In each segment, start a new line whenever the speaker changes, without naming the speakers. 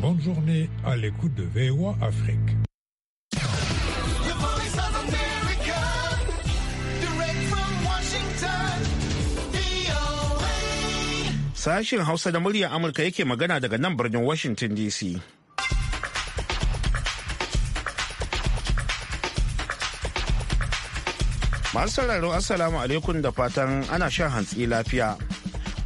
Bonne journée à l'écoute de VOA Afrique. Sashen Hausa da muryar Amurka yake magana daga nan birnin Washington DC. Masu sauraro Assalamu alaikum da fatan ana shan hantsi lafiya.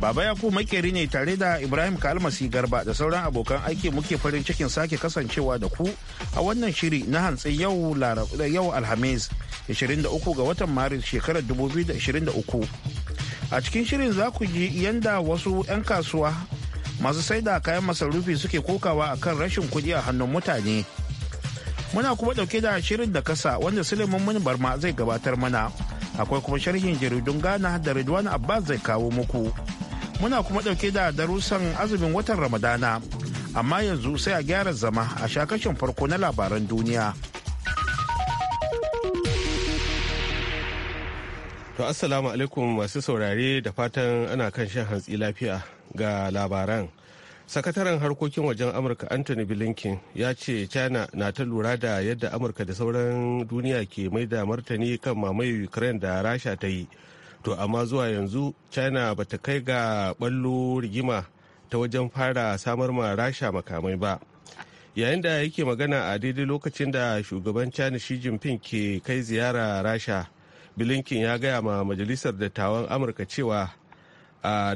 Baba ya ku makeri ne tare da Ibrahim Kalmasi Garba da sauran abokan aiki muke farin cikin sake kasancewa da ku a wannan shiri na hantsi yau yau Alhamis 23 ga watan Maris shekarar 2023. A cikin shirin za ku ji yanda wasu 'yan kasuwa masu sai da kayan masarufi suke kokawa akan rashin kuɗi a hannun mutane. Muna kuma ɗauke da shirin da kasa wanda Suleiman mun Barma zai gabatar mana. Akwai kuma sharhin jaridun Ghana da Ridwan Abbas zai kawo muku. muna kuma ɗauke da darussan azumin watan ramadana amma yanzu sai a gyara zama a shakashin farko na labaran duniya
to assalamu alaikum masu saurare da fatan ana kan shan hantsi lafiya ga labaran sakataren harkokin wajen amurka anthony blinken ya ce china na ta lura da yadda amurka da sauran duniya ke mai da martani kan mamaye ukraine da rasha ta yi to amma zuwa yanzu china ba ta kai ga ballo rigima ta wajen fara samar ma rasha makamai ba yayin da yake magana a daidai lokacin da shugaban china shi jinping ke kai ziyara rasha bilinkin ya gaya ma majalisar dattawan amurka cewa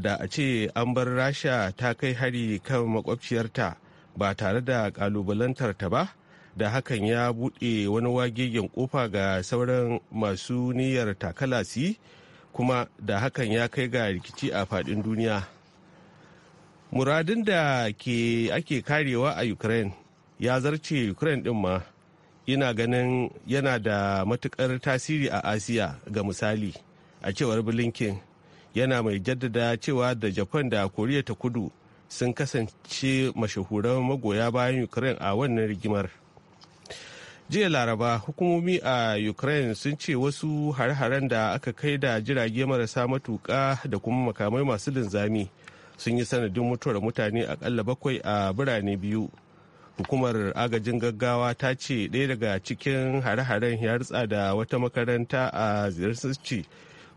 da a ce an bar rasha ta kai hari kan makwabciyarta ba tare da kalubalantar ta ba da hakan ya buɗe wani wagegen kofa ga sauran masu niyyar takalasi kuma da hakan ya kai ga rikici a faɗin duniya muradin da ake karewa a ukraine ya zarce ukraine din ma ina ganin yana da matukar tasiri a asiya ga misali a cewar blinken yana mai jaddada cewa da japan da koriya ta kudu sun kasance mashahuran magoya bayan ukraine a wannan rigimar jiya laraba hukumomi a ukraine sun ce wasu hare-haren da aka kai da jirage marasa matuka da kuma makamai masu linzami sun yi sanadin mutuwar mutane akalla bakwai a birane biyu hukumar agajin gaggawa ta ce ɗaya daga cikin hare-haren ya rutsa da wata makaranta a zirsici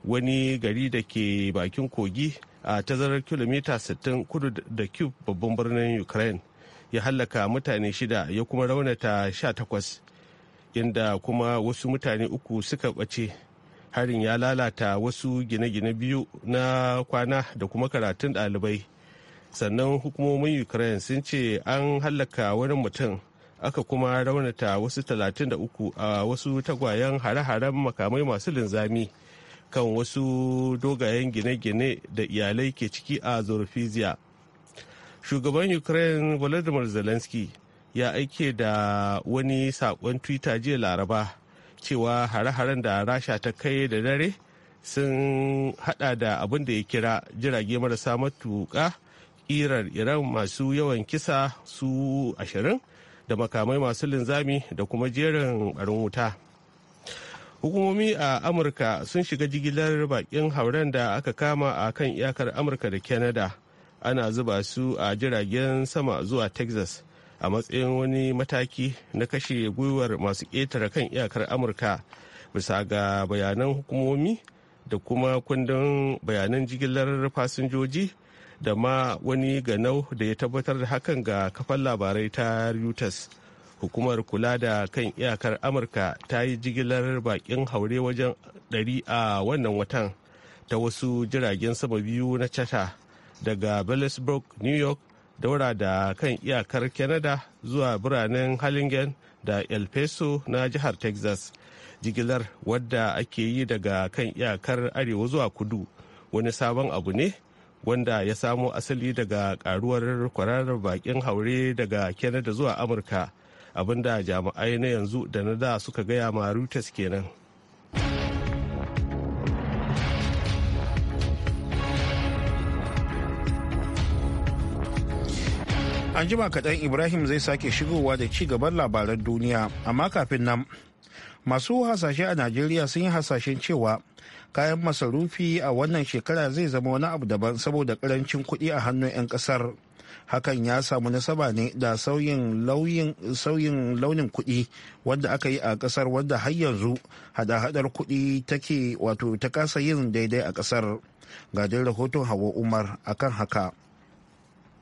wani gari da ke bakin kogi a tazarar kilomita 60 kudu da cube babban birnin ukraine ya hallaka mutane shida ya kuma raunata 18 inda kuma wasu mutane uku suka ɓace harin ya lalata wasu gine-gine biyu na kwana da kuma karatun ɗalibai sannan hukumomin ukraine sun ce an hallaka wani mutum aka kuma raunata wasu 33 a wasu tagwayen hare-haren makamai masu linzami kan wasu dogayen gine-gine da iyalai ke ciki a zorofizia shugaban ukraine volodymyr zelensky ya aike da wani saƙon twitter jiya laraba cewa hare-haren da rasha ta kai da dare sun hada da abin da ya kira jirage marasa matuƙa ƙirar iran masu yawan kisa su ashirin da makamai masu linzami da kuma jerin barin wuta hukumomi a amurka sun shiga jigilar bakin hauren da aka kama a kan iyakar amurka da canada ana zuba su a jiragen sama zuwa texas a matsayin wani mataki na kashe gwiwar masu ƙetare kan iyakar amurka bisa ga bayanan hukumomi da kuma kundin bayanan jigilar fasinjoji da ma wani ganau da ya tabbatar da hakan ga kafan labarai ta reuters hukumar kula da kan iyakar amurka ta yi jigilar bakin haure wajen 100 a wannan watan ta wasu jiragen sama biyu na chata daga Bellisburg, New York daura da kan iyakar canada zuwa biranen halligan da el peso na jihar texas jigilar wadda ake yi daga kan iyakar arewa zuwa kudu wani sabon abu ne wanda ya samo asali daga karuwar kwararar bakin haure daga canada zuwa amurka abinda jami'ai na yanzu da na da suka gaya ma reuters kenan
An jima kaɗan Ibrahim zai sake shigowa da ci gaban labaran duniya, amma kafin nan masu hasashe a Najeriya sun yi hasashen cewa kayan masarufi a wannan shekara zai zama wani abu daban saboda karancin kuɗi a hannun 'yan ƙasar. Hakan ya samu nasaba ne da sauyin launin kuɗi wanda aka yi a ƙasar wanda har yanzu hada-hadar kuɗi take wato ta kasa yin daidai a ƙasar. Ga rahoton Hawa Umar akan haka.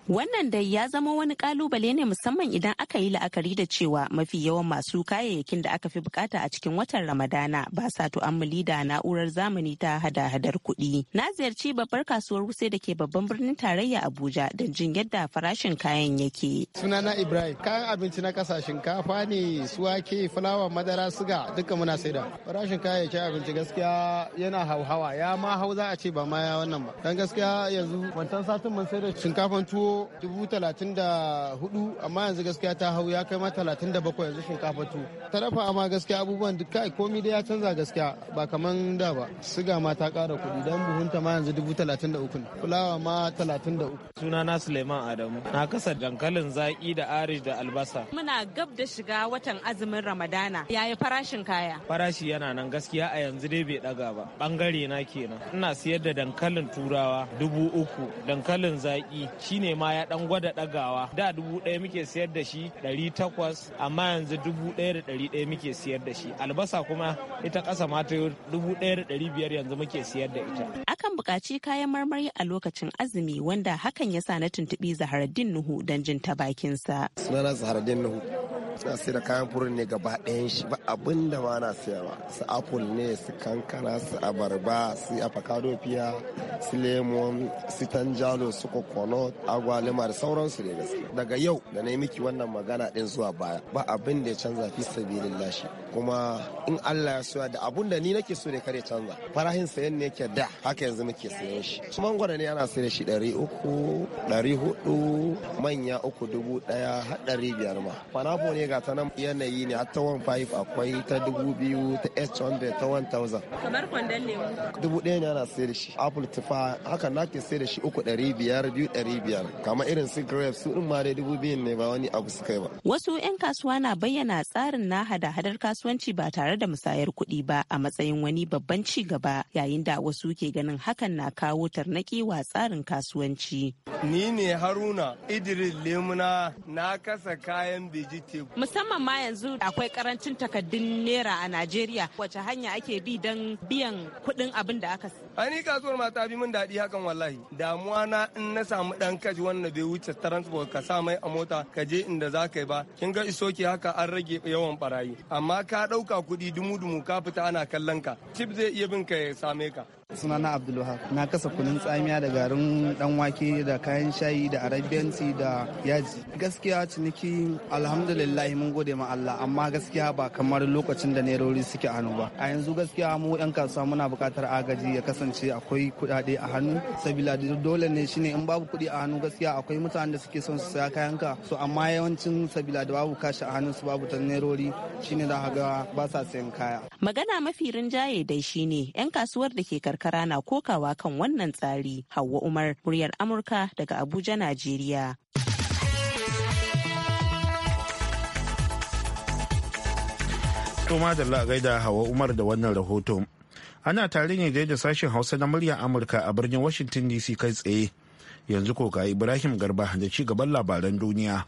Wannan dai ya zama wani kalubale ne musamman idan aka yi la'akari da cewa mafi yawan masu kayayyakin da aka fi bukata a cikin watan Ramadana ba sa amali da na'urar zamani ta hada-hadar kuɗi. Na ziyarci babbar kasuwar wuse da ke babban birnin tarayya Abuja don jin yadda farashin kayan yake. Sunana
Ibrahim, kayan abinci na kasa shinkafa ne, su wake, fulawa, madara, suga duka muna saida. Farashin kayayyakin abinci gaskiya yana hauhawa, ya ma hau za a ce ba ma ya wannan ba. Dan gaskiya yanzu wancan satin mun saida shinkafan tuwo 34 hudu amma yanzu gaskiya ta hau ya kai ma talatin yanzu shinkafa tu ta dafa amma gaskiya abubuwan duk kai komi da ya canza gaskiya ba kaman da ba siga ma ta kara kuɗi dan buhunta ma yanzu dubu talatin da fulawa ma talatin
da na suleiman adamu na kasa dankalin zaƙi da arish da albasa.
muna gab da shiga watan azumin ramadana yayi farashin kaya.
farashi yana nan gaskiya a yanzu dai bai daga ba bangare na kenan ina siyar da dankalin turawa dubu uku dankalin zaki shine ma ma ya dan gwada dagawa da dubu ɗaya muke siyar da shi ɗari takwas amma yanzu dubu ɗaya da ɗari ɗaya muke siyar da shi albasa kuma ita ƙasa ma ta dubu ɗaya da ɗari biyar yanzu muke siyar da ita.
akan buƙaci kayan marmari a lokacin azumi wanda hakan ya sa na tuntuɓi zaharaddin nuhu don jin ta bakinsa.
sunana zaharaddin nuhu suna sai da kayan furin ne gaba ɗayan shi ba abin da ma na siyawa su apple ne su kankana su abarba su avocado piya, su lemon su tanjalo su coconut agwa walima da sauransu ne gaskiya daga yau da na yi miki wannan magana din zuwa baya ba abin da ya canza fi sabilin lashi kuma in Allah ya so da abun da ni nake so ne kare canza farahin sayan ne yake da haka yanzu muke sayan shi mangwaro ne ana sayar shi ɗari uku ɗari hudu manya uku dubu ɗaya har ɗari biyar ma fanafo ne ga ta nan yanayi ne hatta ta 15 akwai ta dubu biyu ta 800 ta 1000
kamar kwandon lemu
dubu ɗaya ne ana sayar shi apple tufa haka na ke sayar shi uku ɗari biyar biyu ɗari biyar kama irin su grapes su ma dai dubu biyun ne ba wani abu suka yi ba
wasu 'yan kasuwa na bayyana tsarin na hada-hadar kasuwanci ba tare da musayar kuɗi ba a matsayin wani babban ci gaba yayin da wasu ke ganin hakan na kawo tarnaki wa tsarin kasuwanci
ni ne haruna idris lemuna na kasa kayan vegetable
musamman ma yanzu akwai karancin takaddun naira a najeriya wace hanya ake bi don biyan kuɗin abin da aka
ani kasuwar ma ta bi min daɗi hakan wallahi damuwa na in na samu ɗan kaji da bai wuce transport ka sa mai a mota ka je inda za ka yi ba kin ga iso isoki haka an rage yawan barayi amma ka ɗauka kuɗi dumu-dumu ka fita ana kallon ka tip zai iya bin ka ya same ka sunana abdulwahab na kasa kunun tsamiya da garin dan wake da kayan shayi da arabian tea da yaji gaskiya ciniki alhamdulillah mun gode ma Allah amma gaskiya ba kamar lokacin da nerori suke hannu ba a yanzu gaskiya mu yan kasuwa muna buƙatar agaji ya kasance akwai kuɗaɗe a hannu sabila dole ne shine in babu kuɗi a hannu gaskiya akwai mutanen da suke son su saya kayan ka so amma yawancin sabila da babu kashi a hannun su babu ta nerori shine da haga ba sa sayan kaya
magana mafi rinjaye dai shine yan kasuwar da ke karkara na kokawa kan wannan tsari. hawa Umar, muryar Amurka daga Abuja, Najeriya.
Toma da gaida Hawa Umar da wannan rahoto Ana tare ne dai da sashen Hausa na muryar Amurka a birnin Washington DC kai tsaye. Yanzu ko ga Ibrahim Garba da ci gaban labaran duniya.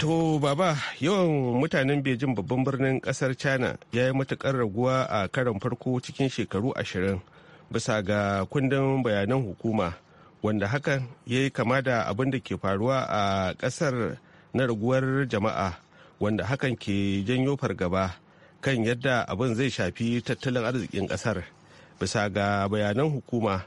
To baba yawan mutanen Bejin babban birnin kasar China ya yi matukar raguwa a karon farko cikin shekaru ashirin bisa ga kundin bayanan hukuma wanda hakan ya yi kama da abin da ke faruwa a kasar na raguwar jama'a wanda hakan ke janyo fargaba kan yadda abin zai shafi tattalin arzikin kasar bisa ga bayanan hukuma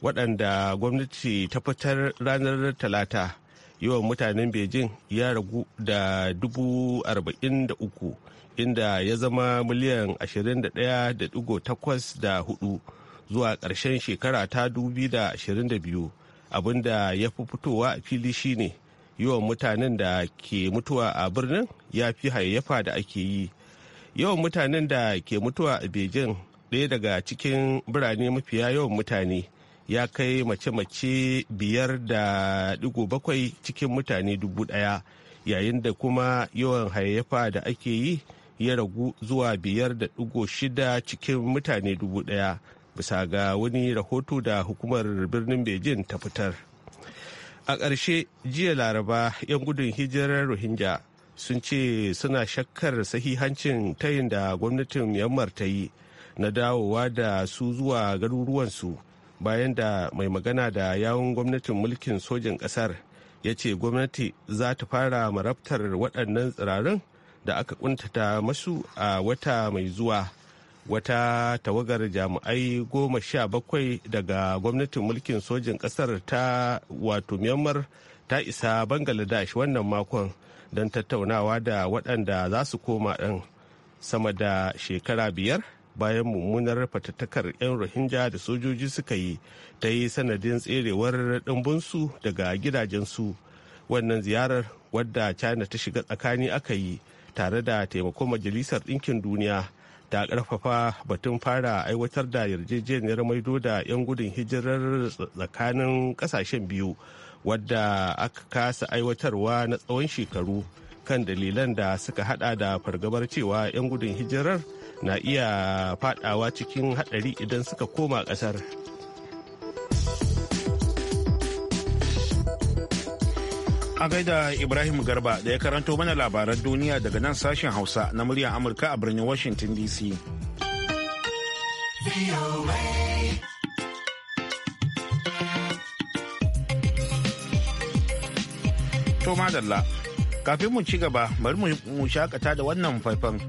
waɗanda gwamnati ta fitar ranar talata. yawan mutanen beijing ya ragu da dubu arba'in da uku inda ya zama miliyan ashirin da hudu zuwa ƙarshen shekara ta 2022 abinda ya fi fitowa a fili shine yawan mutanen da ke mutuwa a birnin ya fi hayayyafa da ake yi yawan mutanen da ke mutuwa a beijing ɗaya daga cikin birane mafiya yawan mutane ya kai mace-mace biyar da digo bakwai cikin mutane dubu ɗaya yayin da kuma yawan hayayyafa da ake yi ya ragu zuwa biyar da digo shida cikin mutane dubu ɗaya bisa ga wani rahoto da hukumar birnin beijing ta fitar a ƙarshe jiya laraba 'yan gudun hijirar rohingya sun ce suna shakkar sahihancin tayin da gwamnatin myanmar ta yi na dawowa da su zuwa garuruwansu bayan da mai magana da yawun gwamnatin mulkin sojin ƙasar ya ce gwamnati za ta fara marabtar waɗannan tsirarin da aka kuntata masu a wata mai zuwa wata tawagar jami'ai goma sha bakwai daga gwamnatin mulkin sojin ƙasar ta wato myanmar ta isa bangladesh wannan makon don tattaunawa da waɗanda za su koma ɗin sama da shekara biyar bayan mummunar fatattakar 'yan rohingya da sojoji suka yi ta yi sanadin tserewar ɗimbinsu daga gidajensu wannan ziyarar wadda china ta shiga tsakani aka yi tare da taimako majalisar ɗinkin duniya ta ƙarfafa batun fara aiwatar da yarjejeniyar maido da 'yan gudun hijirar tsakanin ƙasashen biyu wadda aka kasa aiwatarwa na tsawon shekaru kan dalilan da suka hada da fargabar cewa 'yan gudun hijirar na iya fadawa cikin haɗari idan suka koma ƙasar.
A gaida Ibrahim Garba da ya karanto mana labaran duniya daga nan sashen Hausa na muryar Amurka a birnin Washington DC. To madalla, kafin mu ci gaba bari mu shakata da wannan faifan.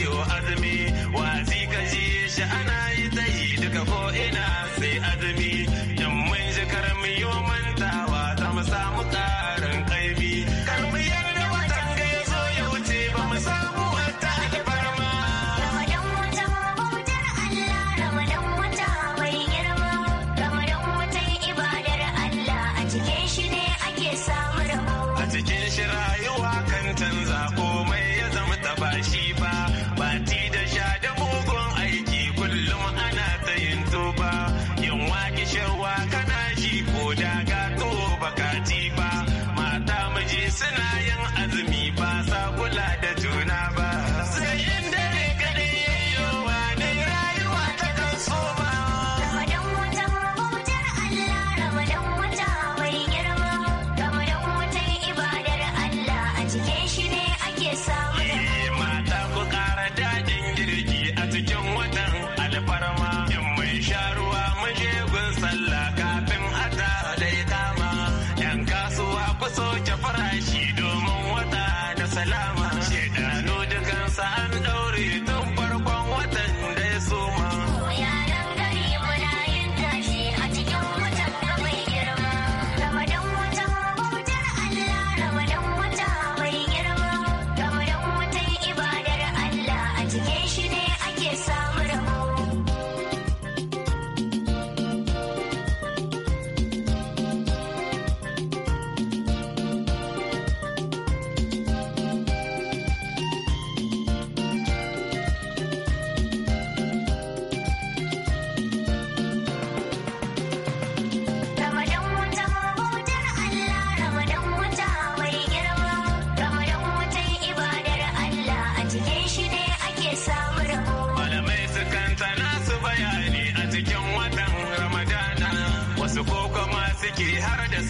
yau me. together.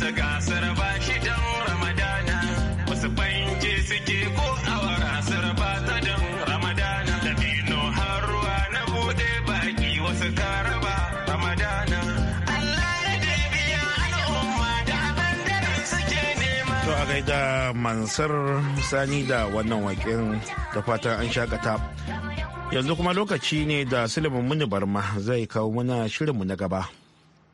su gasar ba shi don ramadana wasu fanke suke ko awara ba ta don ramadana da bino har ruwa na bude
baki wasu karaba ramadana To a gaida mansar Sani da wannan waƙin da fatan an shakata. Yanzu kuma lokaci ne da Suleiman Muni Barma zai kawo mana shirinmu na gaba.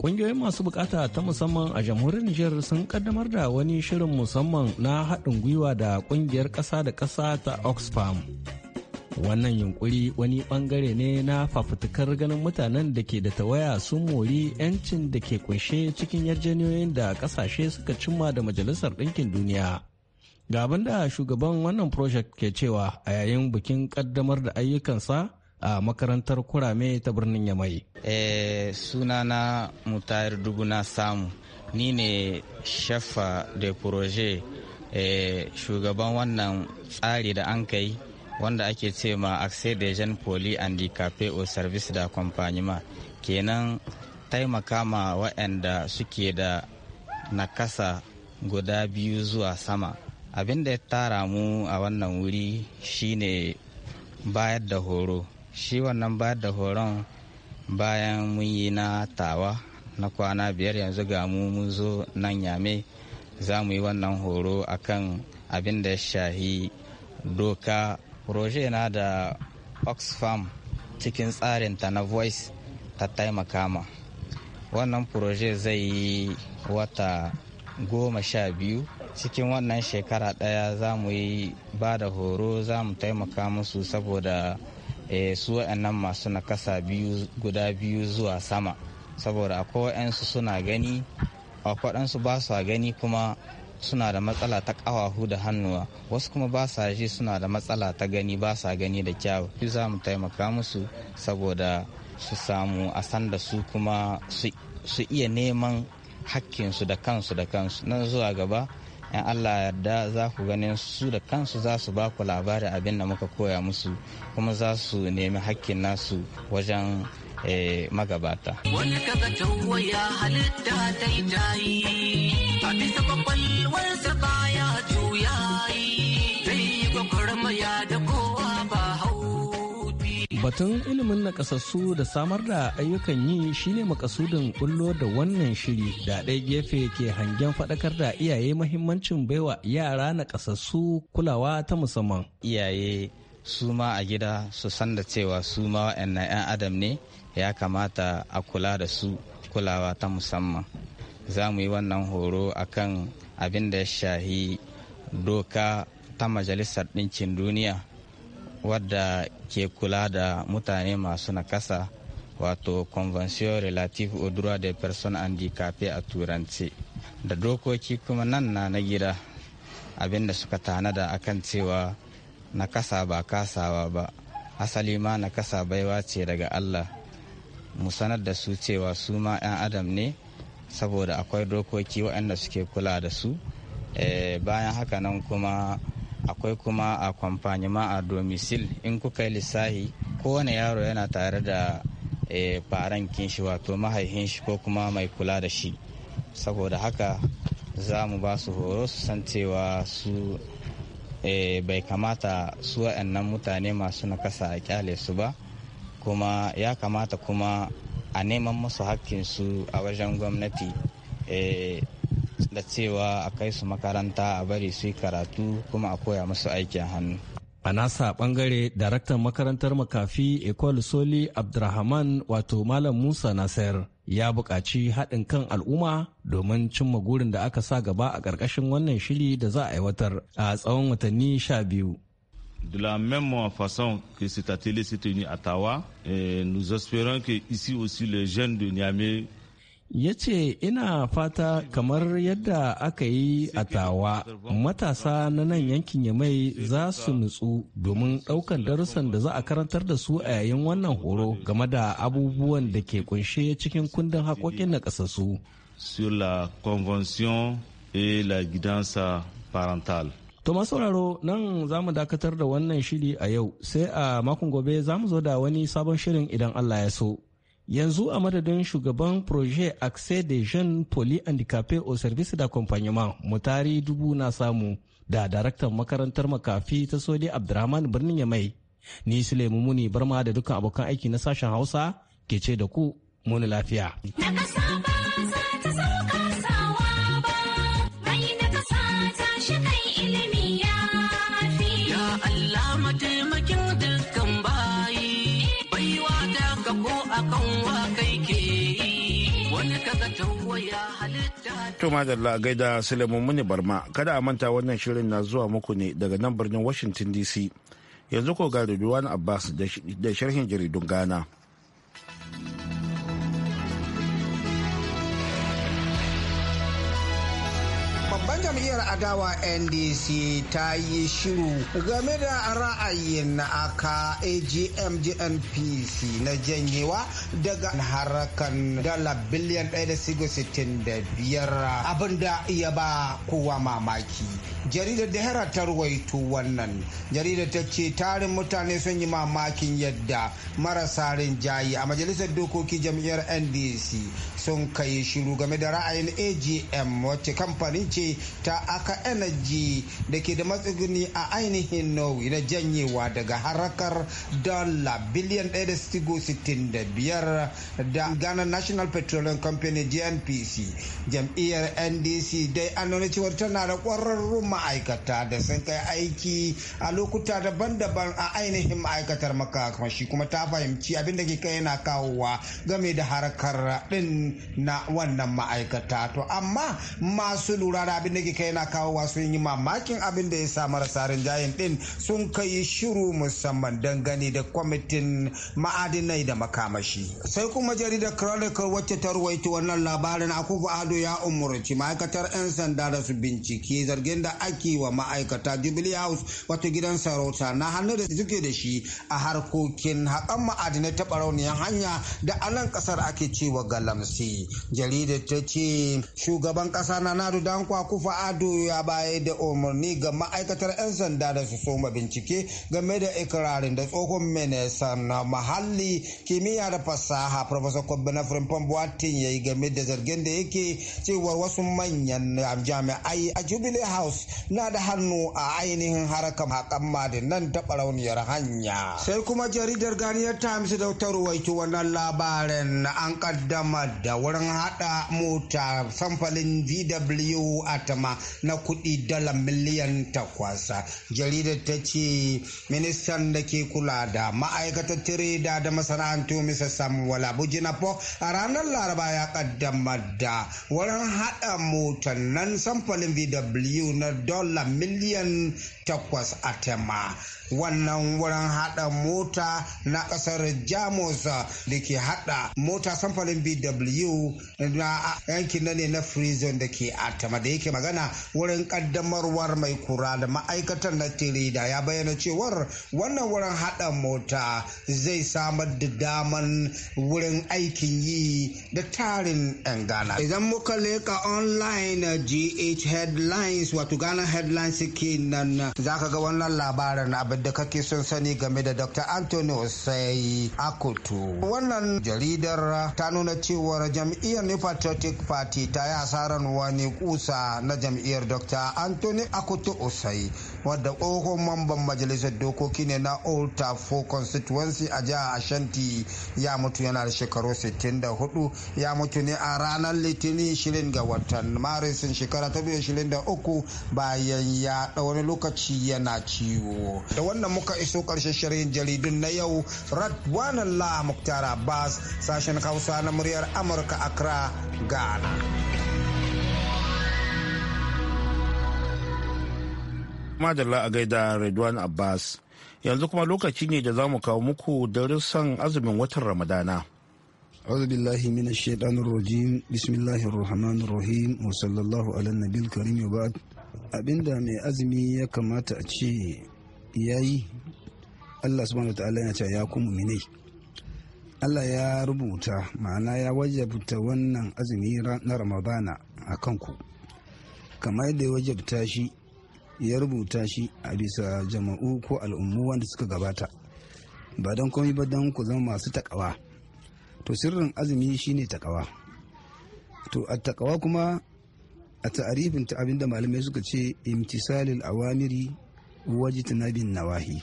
Ƙungiyoyin masu bukata ta musamman a jamhuriyar Nijar sun kaddamar da wani shirin musamman na haɗin gwiwa da ƙungiyar ƙasa da ƙasa ta Oxfam. Wannan yunkuri wani ɓangare ne na fafutukar ganin mutanen da ke da tawaya sun mori 'yancin da ke kunshe cikin yarjejeniyoyin da ƙasashe suka cimma da Majalisar Ɗinkin Duniya. Ga abin da shugaban wannan project ke cewa a yayin bikin ƙaddamar da ayyukansa a makarantar kurame ta birnin yamai eh,
sunana mutayar na samu ni ne shafa da proje e, shugaban wannan tsari da an kai wanda ake ce ma accès des jeunes poli cafe au service da ma kenan taimaka ma waɗanda suke da nakasa guda biyu zuwa sama abin da ya tara mu a wannan wuri shine bayar da horo shi wannan ba da horon bayan mun yi na tawa na kwana biyar yanzu ga mu mun zo nan yame za mu yi wannan horo akan abin da ya shahi doka roje na da oxfam cikin tsarinta na voice ta taimaka ma wannan proje zai yi wata goma sha biyu cikin wannan shekara daya za mu yi ba da horo za mu taimaka musu saboda Eh, su waɗannan masu nakasa biyu guda biyu zuwa sama saboda akwai waɗansu suna gani akwai waɗansu ba su gani kuma suna da matsala ta ƙawahu da hannuwa wasu kuma ba sa ji suna da matsala ta gani ba sa gani da kyawu za mu taimaka musu saboda su samu a san da su kuma su iya neman hakkinsu da kansu da kansu nan zuwa gaba in allah yarda za ku ganin su da kansu za su ba ku labarin abin da muka koya musu kuma za su nemi hakkin nasu wajen eh, magabata wani
kaga ya halitta ta yi a bisa kwakwalwarsa baya juya yi zai yi
Batun ilimin naƙasassu da samar da ayyukan yi shine makasudin bullo da wannan shiri da ɗaya gefe ke hangen faɗakar da iyaye mahimmancin baiwa yara na kasassu kulawa ta musamman. Iyaye su ma a
gida su san da cewa su ma wa'annan 'yan adam ne ya kamata a kula da su kulawa ta musamman. Za mu yi wannan horo akan abin da ya shahi doka ta Majalisar Ɗinkin Duniya. wadda ke kula da mutane masu nakasa wato convention relative au droit des personnes handicapées a turance da dokoki kuma nan na na gida abinda suka tanada akan cewa nakasa ba kasawa ba asali ma nakasa baiwa ce daga allah mu sanar da su cewa su ma 'yan adam ne saboda akwai dokoki waɗanda suke kula da su eh, bayan haka nan kuma akwai kuma a kwamfanima a domicil in kuka yi lissahi kowane yaro yana tare da eh, farankin shi wato mahaifin shi ko kuma mai kula da shi saboda haka za mu ba su horo su san cewa su eh, bai kamata su waɗannan mutane masu nakasa a kyale su ba kuma ya kamata kuma a neman musu hakkinsu a wajen gwamnati eh, da cewa a kai su makaranta a bari su yi karatu kuma a koya musu aikin hannu.
A nasa bangare daraktan makarantar makafi Ekol Soli Abdurrahman wato Malam Musa Nasir ya bukaci haɗin kan al'umma domin cimma gurin da aka sa gaba a ƙarƙashin wannan shiri da za a aiwatar a tsawon watanni sha biyu.
De la même façon que cette atelier s'est tenu à Tawa, eh, nous espérons que ici aussi les jeunes de Niamey
ya ce ina fata kamar yadda aka yi a tawa matasa na nan yankin ya mai za su nutsu domin ɗaukan darussan da za a karantar da su a yayin wannan horo game da abubuwan da ke kunshe cikin kundin haƙoƙin na ƙasasu sur la convention et la guidance parentale sauraro nan za mu dakatar da wannan shiri a yau sai a makon gobe za mu zo da wani sabon shirin idan Allah ya so. yanzu a madadin shugaban projet accès des jeunes polyhandicapés au service d'accompagnement mutari dubu na samu da daraktan makarantar makafi ta sodi abdurrahman birnin yamai ni sulaimu muni barma da dukkan abokan aiki na sashen hausa ke ce da ku muni lafiya.
madalla gaida Suleiman Muni Barma kada a manta wannan shirin na zuwa muku ne daga nan birnin Washington DC yanzu ko ga Abbas da sharhin jaridun Ghana.
babban jam'iyyar adawa ndc ta yi shiru game da ra'ayin aka agm gnpc na janyewa daga harakan dala biliyan 1.65 abinda ya ba kowa mamaki jaridar da hera ta ruwaito wannan jaridar ta ce tarin mutane sun yi mamakin yadda marasa rinjaye a majalisar dokoki jam'iyyar ndc sun kai shiru game da ra'ayin agm wacce kamfanin ce ta aka energy da ke da matsuguni a ainihin norway na janyewa daga harakar dala biliyan 1.65 da ghana national petroleum company gnpc jam'iyyar ndc dai an nuna cewar tana da kwararrun ma'aikata da sun kai aiki a lokuta daban-daban a ainihin ma'aikatar makamashi kuma ta fahimci abin da ke kai yana kawowa game da harkar din na wannan ma'aikata to amma masu lura wani abin da ke kai na kawowa sun yi mamakin abin da ya sa marasa rinjayen din sun kai shiru musamman dangane da kwamitin ma'adinai da makamashi sai kuma jaridar chronicle wacce ta ruwaito wannan labarin akufu ado ya umurci ma'aikatar 'yan sanda da su bincike zargin da ake wa ma'aikata jubilee house wata gidan sarauta na hannu da suke da shi a harkokin haƙan ma'adinai ta barauniyar hanya da anan nan ƙasar ake cewa galamsi jaridar ta ce shugaban ƙasa na nadu dankwa kufa ado ya bayar da umarni ga ma'aikatar 'yan sanda da su soma bincike game da ikirarin da tsohon ministan na mahalli kimiyya da fasaha professor kwabbe na firimfan buwatin ya yi game da zargin da yake cewa wasu manyan jami'ai a jubilee house na da hannu a ainihin harkar haƙan madinan ta barauniyar hanya sai kuma jaridar ganiyar times da ta ruwaito wannan labarin an kaddama da wurin hada mota samfalin vw atama na kuɗi dala miliyan takwasa jaridar ta ce ministan da ke kula da ma'aikatar tireda da masana'antu mr samuel po a ranar laraba ya kaddama da wurin haɗa motar nan samfalin vw na dala miliyan takwas a atama wannan wurin hada mota na kasar jamus da ke hada mota samfalin bw na yankin na ne na frizon da ke atama da yake magana wurin kaddamarwar mai kura da ma'aikatar na tirida ya bayyana cewar wannan wurin hada mota zai samar da daman wurin aikin yi da tarin 'yan ghana idan muka leka online gh headlines wato ghana headlines ke nan. za ka ga wannan labarin abin da kake son sani game da Dr. Anthony Osei Akutu. Wannan jaridar ta nuna cewar jam'iyyar New Patriotic Party ta yi hasarar wani kusa na jam'iyyar Dr. Anthony Akutu Osei wadda tsohon mamban majalisar dokoki ne na old tafo constituency a jihar ashanti ya mutu yana da shekaru 64 ya mutu ne a ranar litinin 20 ga watan marisin shekara ta 23 bayan ya da lokaci yana ciwo da wannan muka iso karshen shirin jaridun na yau radwanan la muktar abbas sashen hausa na muryar amurka accra ghana
Madalla a gaida Redwan Abbas. Yanzu kuma lokaci ne da za mu kawo muku darussan azumin watan Ramadana. أعوذ billahi
minash shaitanir rajim. Bismillahir rahmanir rahim. Wa sallallahu ala karim wa ba'd. abinda mai azumi ya kamata a ce yayi yi Allah subhanahu ta'ala ya ce ya kuma mine Allah ya rubuta ma'ana ya wajabta wannan azumi na ramadana a kanku kamar yadda ya wajabta shi ya rubuta shi a bisa jama'u ko al'ummu wanda suka gabata ba don komai ba don ku zama masu takawa to sirrin azumi shine takawa to a takawa kuma a ta'arifin ta abinda malamai suka ce imtisalil awamiri waji tunabin nawahi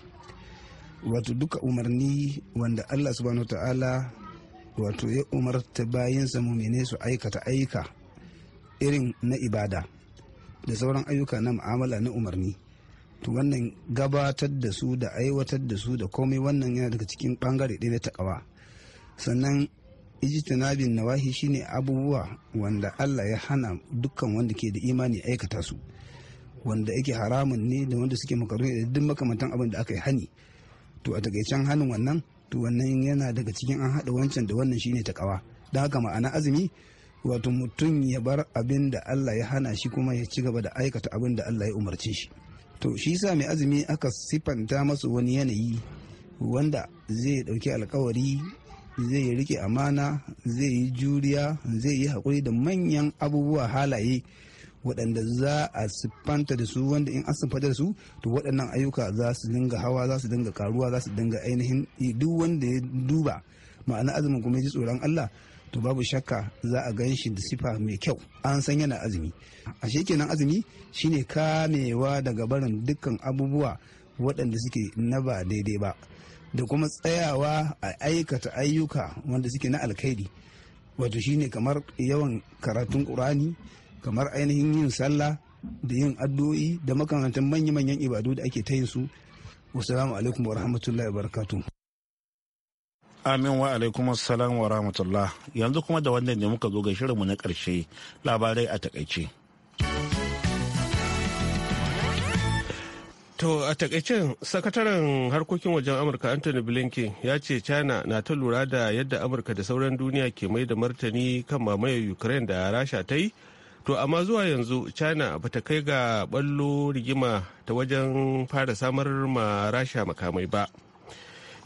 wato duka umarni wanda allah subhanahu wa ta'ala wato ya umarta bayansa mumine su aikata aika irin na ibada da sauran ayyuka na mu'amala na umarni to wannan gabatar da su da aiwatar da su da komai wannan yana daga cikin bangare ɗaya na takawa sannan ijtinabin nawahi shine abubuwa wanda Allah ya hana dukkan wanda ke da imani aikata su wanda yake haramun ne da wanda suke makaroni da duk makamantan abin da aka yi hani to a takaicen hannun wannan to wannan yana daga cikin an haɗa wancan da wannan shine takawa don haka ma'ana azumi wato mutum ya bar abin da Allah ya hana shi kuma ya ci gaba da aikata abin da Allah ya umarci shi to shi yasa mai azumi aka sifanta masu wani yanayi wanda zai dauki alkawari zai yi rike amana zai yi juriya zai yi hakuri da manyan abubuwa halaye waɗanda za a siffanta da su wanda in an da su to waɗannan ayyuka za su dinga hawa za su dinga karuwa za su dinga ainihin duk wanda ya duba ma'ana azumin kuma ji tsoron Allah to babu shakka za a gan shi da sifa mai kyau an san yana azumi a kenan azumi shine kamewa daga barin dukkan abubuwa waɗanda suke na ba daidai ba da kuma tsayawa a aikata ayyuka wanda suke na alkhairi wato shine kamar yawan karatun ƙurani kamar ainihin yin sallah da yin addu'o'i da makarantar manya-manyan ibadu da ake ta yin su wasu alaikum wa rahmatullahi wa barakatuh
Amin wa alaikum assalam wa rahmatullah. Yanzu kuma da wannan ne muka
zo ga shirinmu na karshe labarai a takaice. To a takaicen sakataren harkokin wajen Amurka Anthony Blinken ya ce China na ta lura da yadda Amurka da sauran duniya ke mai da martani kan mamayar Ukraine da Rasha ta yi. To amma zuwa yanzu China ba ta kai ga ballo rigima ta wajen fara samar ma Rasha makamai ba.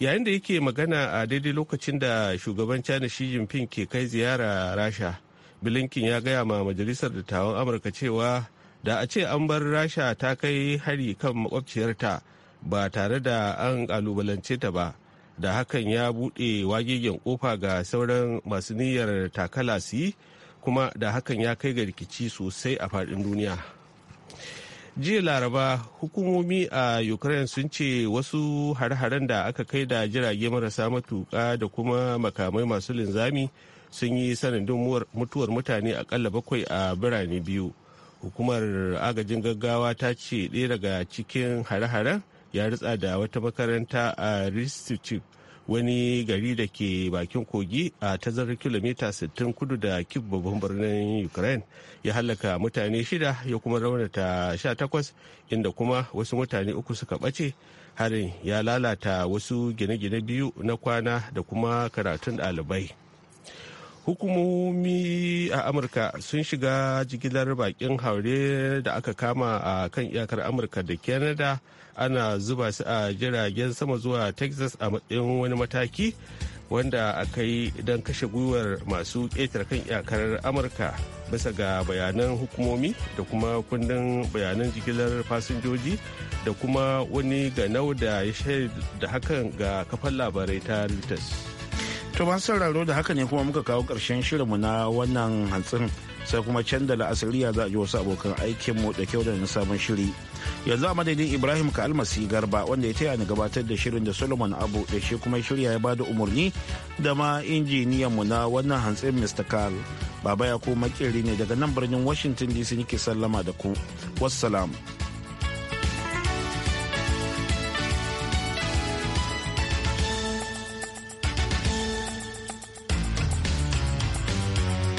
yayin da yake magana a daidai lokacin da shugaban china shi jinping ke kai ziyara rasha bilinkin ya gaya ma majalisar dattawan amurka cewa da a ce an bar rasha ta kai hari kan makwabciyarta ba tare da an kalubalance ta ba da hakan ya buɗe wagegen kofa ga sauran masu niyyar takala su yi kuma da hakan ya kai ga rikici sosai a faɗin duniya. jiya laraba hukumomi a ukraine sun ce wasu hare-haren da aka kai da jirage marasa matuka da kuma makamai masu linzami sun yi sanadin mutuwar mutane akalla bakwai a birane biyu hukumar agajin gaggawa ta ce ɗaya daga cikin hare-haren ya ritsa da wata makaranta a ristichik wani gari da ke bakin kogi a tazarar kilomita 60 kudu da kif babban birnin ukraine ya halaka mutane shida ya kuma raunata 18 inda kuma wasu mutane uku suka bace harin ya lalata wasu gine-gine biyu na kwana da kuma karatun ɗalibai hukumomi a amurka sun shiga jigilar bakin haure da aka kama a kan iyakar amurka da canada ana zuba su a jiragen sama zuwa texas a matsayin wani mataki wanda aka yi don kashe gwiwar masu ƙetare kan iyakar amurka bisa ga bayanan hukumomi da kuma kundin bayanan jigilar fasinjoji da kuma wani ganau da ya shaida hakan ga kafan labarai ta reuters To ban sauraro da haka ne kuma muka kawo ƙarshen shirinmu na
wannan hantsin sai kuma can da la'asiriya za a ji wasu abokan aikinmu da kyau da sabon shiri. Yanzu a madadin Ibrahim ka almasi garba wanda ya taya ni gabatar da shirin da Solomon Abu da shi kuma shirya ya bada umarni da ma injiniyanmu na wannan hantsin Mr. Carl. Baba ya ko makirri ne daga nan birnin Washington DC nike sallama da ku. Wassalam.